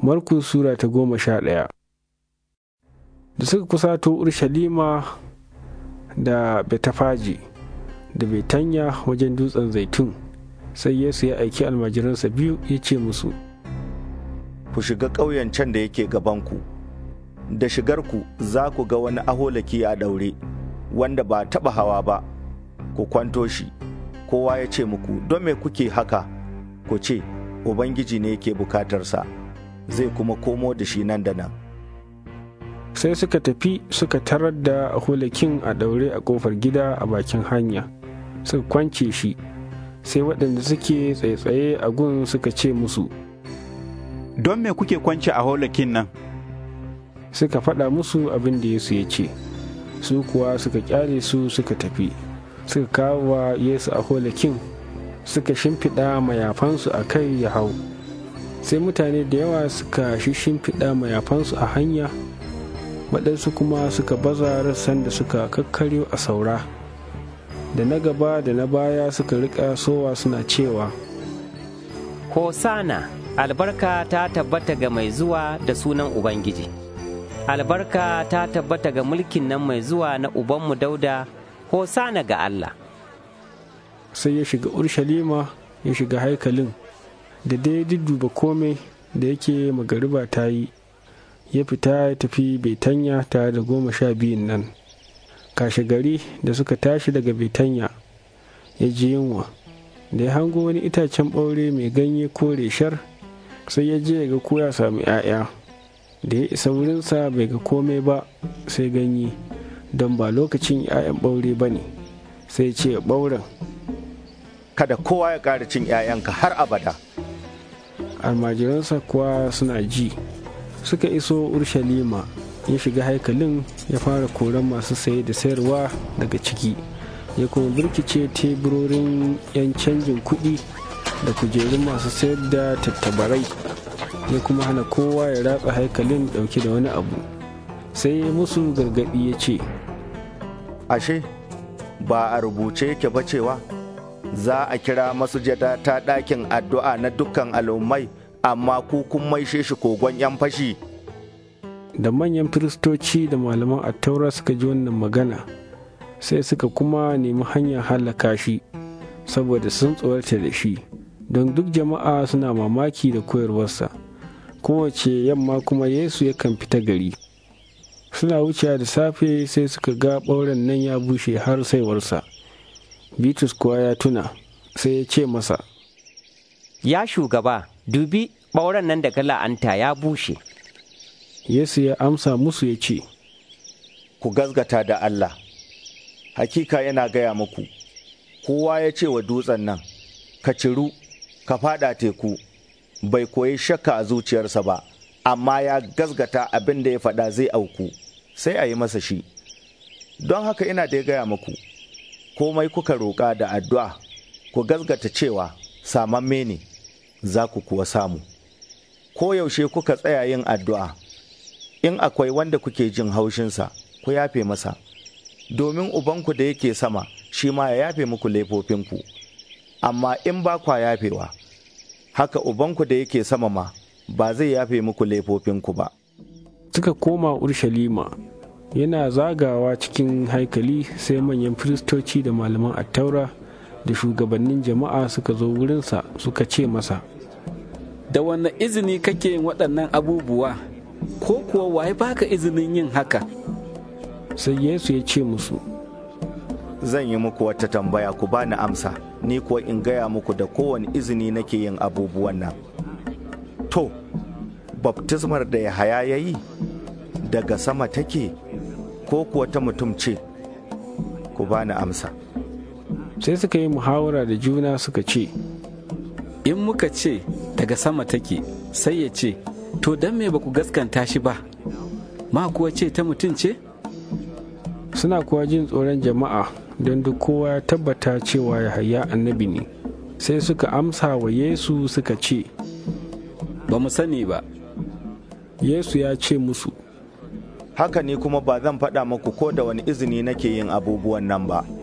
Markus Sura ta goma sha ɗaya Da suka kusato Urshalima da Betafaji da Betanya wajen dutsen zaitun sai Yesu ya aiki almajiransa biyu ya ce musu, Ku shiga ƙauyen can da yake gabanku, da shigarku za ku ga wani aholaki a ɗaure, wanda ba taɓa hawa ba, ku kwanto shi, kowa ya ce muku, don me kuke haka, ku ce, Ubangiji ne ke bukatarsa. zai kuma komo da shi nan da nan sai suka tafi suka tarar da hulakin a daure a kofar gida a bakin hanya suka kwance shi sai waɗanda suke tsaye-tsaye a gun suka ce musu don me kuke kwance a hulakin nan suka faɗa musu abin da yesu ya ce su kuwa suka ƙyale su suka tafi suka kawo wa yesu a hulakin suka shimfiɗa mayafansu a kai ya hau sai mutane da yawa suka shimfiɗa mayafansu a hanya waɗansu kuma suka baza rassan da suka kakkaryo a saura da na gaba da na baya suka riƙa sowa suna cewa hosana albarka ta tabbata ga mai zuwa da sunan ubangiji albarka ta tabbata ga mulkin nan mai zuwa na ubanmu dauda hosana ga allah sai ya shiga urshalima ya shiga haikalin da dai duba komai da yake magariba ta yi ya fita ya tafi betanya tare da goma sha biyun nan kashe gari da suka tashi daga betanya ya ji yunwa da ya hango wani itacen ɓaure mai ganye kore shar sai ya je ga koya ya sami 'ya'ya da ya isa wurinsa bai ga komai ba sai ganye don ba lokacin 'ya'yan ɓaure ba ne sai ce ɓauren kada kowa ya ƙara cin 'ya'yanka har abada almajiransa kuwa suna ji suka iso urshalima ya shiga haikalin ya fara koran masu saye da sayarwa daga ciki ya kuma birkice teburorin 'yan canjin kudi da kujerun masu sayar da tattabarai ya kuma hana kowa ya ratsa haikalin dauke da wani abu sai ya musu gargaɗi ya ce ashe ba a rubuce yake bacewa cewa za a kira masujada ta ɗakin addu'a na dukkan al'ummai amma ku kun maishe shi kogon 'yan fashi. Da manyan firistoci da malaman attaura suka ji wannan magana sai suka kuma nemi hanyar halaka shi saboda sun tsorata da shi don duk jama'a suna mamaki da koyarwarsa kowace yamma kuma Yesu yakan fita gari. Suna wucewa da safe sai suka ga ɓauren nan ya bushe har saiwarsa. bitrus kuwa ya tuna sai ya ce masa ya shugaba dubi ɓauren nan da la'anta ya bushe yesu ya amsa musu ya ce ku gazgata da allah hakika yana gaya muku kowa ya ce wa dutsen nan ka ciru ka fada teku bai koyi shakka a zuciyarsa ba amma ya gazgata abin da ya faɗa zai auku sai a yi masa shi don haka ina da ya gaya muku komai kuka roƙa da addu'a ku gazgata cewa samamme ne za ku kuwa samu Ko yaushe kuka tsaya yin addu'a in akwai wanda kuke jin haushinsa ku yafe masa domin ubanku da yake sama shi ma ya yafe muku laifofinku amma in ba kwa yafewa haka ubanku da yake sama ma ba zai yafe muku laifofinku ba suka koma urshalima yana zagawa cikin haikali sai manyan firistoci da malaman attaura da shugabannin jama'a suka zo wurinsa suka ce masa da wanne izini kake yin waɗannan abubuwa ko kuwa waye baka izinin yin haka sai yesu ya ce musu zan yi muku wata tambaya ku bani amsa ni kuwa in gaya muku da kowane izini nake yin abubuwan nan to baptismar da ya haya ya yi daga sama take ko kuwa ta mutum ce ku bani amsa sai suka yi muhawara da juna suka ce in muka ce daga sama take sai ya ce to don me ba ku gaskanta shi ba ma kuwa ce ta mutum ce suna kuwa jin tsoron jama'a don duk kowa ya tabbata cewa yahaya annabi ne sai suka amsa wa yesu suka ce ba mu sani ba yesu ya ce musu haka ne kuma ba zan faɗa muku ko da wani izini nake yin abubuwan nan ba